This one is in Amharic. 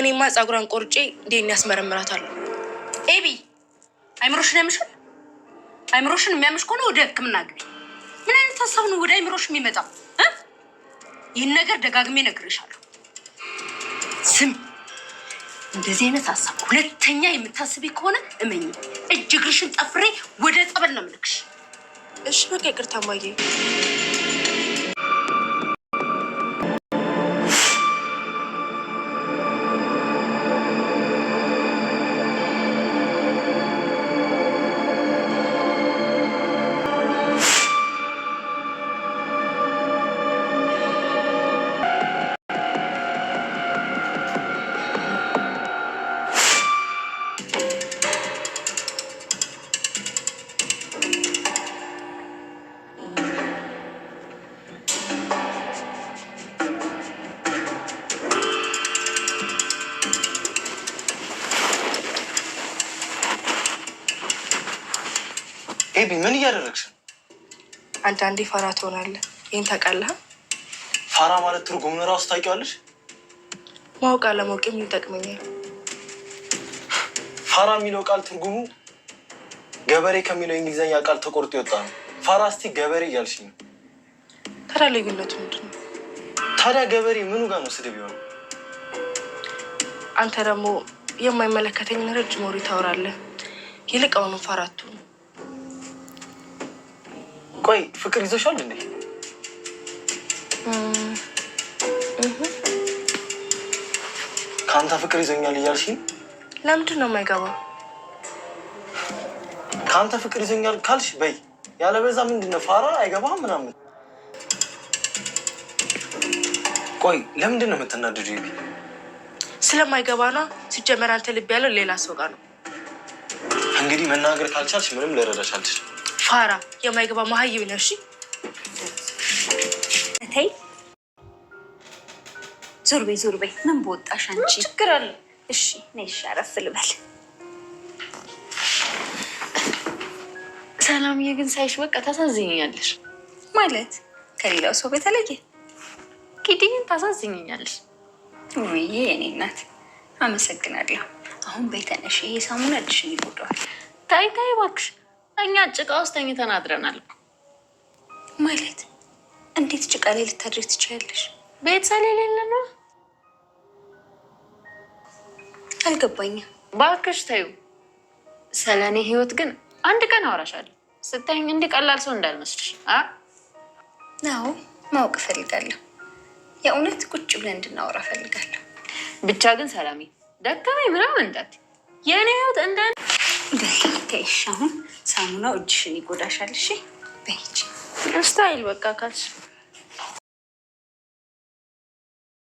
እኔማ ፀጉሯን ቆርጬ እንዴት ያስመረምራታል። ኤቢ አይምሮሽን ያምሻል። አይምሮሽን የሚያምሽ ከሆነ ወደ ሕክምና ግቢ። ምን አይነት ሀሳብ ነው ወደ አይምሮሽ የሚመጣው? ይህን ነገር ደጋግሜ እነግርሻለሁ። ስም እንደዚህ አይነት ሀሳብ ሁለተኛ የምታስቢ ከሆነ እመኝ፣ እጅ እጅግርሽን ጠፍሬ ወደ ጠበል ነው የምልክሽ። እሺ በቃ ይቅርታ ማየ ኤቢ ምን እያደረግሽ ነው? አንዳንዴ ፋራ ትሆናለህ። ይህን ታውቃለህ? ፋራ ማለት ትርጉሙን እራሱ ታውቂዋለሽ? ማወቅ አለማወቅ ምን ይጠቅመኛል? ፋራ የሚለው ቃል ትርጉሙ ገበሬ ከሚለው የእንግሊዝኛ ቃል ተቆርጦ የወጣ ነው። ፋራ እስቲ ገበሬ እያልሽ ነው። ታዲያ ልዩነቱ ምንድን ነው? ታዲያ ገበሬ ምኑ ጋር ነው ስድብ ይሆን? አንተ ደግሞ የማይመለከተኝ ረጅም ወሬ ታወራለህ። ይልቅ አሁንም ፋራ አትሁን። ቆይ ፍቅር ይዞሻል እንዴ? ከአንተ ፍቅር ይዞኛል እያልሽኝ ለምንድን ነው የማይገባው? ከአንተ ፍቅር ይዞኛል ካልሽ በይ፣ ያለበዛ ምንድን ነው ፋራ አይገባም ምናምን። ቆይ ለምንድን ነው የምትናድዱ? ይቢ ስለማይገባ ነው። ሲጀመር አንተ ልብ ያለው ሌላ ሰው ጋር ነው። እንግዲህ መናገር ካልቻልሽ ምንም ልረዳሽ አልችልም። ፋራ የማይገባ መሀይብ ነው። እሺ ተይ፣ ዞር በይ ዞር በይ። ምን በወጣሽ አንቺ ችግር አለ? እሺ ነይ አረፍ ልበል። ሰላምዬ ግን ሳይሽ በቃ ታሳዝኝኛለሽ። ማለት ከሌላው ሰው በተለየ ኪድኝን ታሳዝኝኛለሽ። ውይ የኔ እናት አመሰግናለሁ። አሁን ቤተነሽ ይሄ ሳሙና ልሽን ይጎዳዋል። ታይ ታይ እባክሽ እኛ ጭቃ ውስጥ ተኝተን አድረናል። ማለት እንዴት ጭቃ ላይ ልታድሪ ትችያለሽ? ቤተሰብ የሌለ ነው። አልገባኝም። እባክሽ ተይው። ስለኔ ህይወት ግን አንድ ቀን አወራሻለሁ። ስታይኝ እንዲህ ቀላል ሰው እንዳልመስልሽ። አዎ ማወቅ እፈልጋለሁ። የእውነት ቁጭ ብለን እንድናወራ እፈልጋለሁ። ብቻ ግን ሰላሜ ደከመኝ ምናምን እንዳትዪ የእኔ ህይወት እንደ በይተሽ አሁን ሳሙናው እጅሽን ይጎዳሻል። እሺ በይች ስታይል በቃ ካልሽ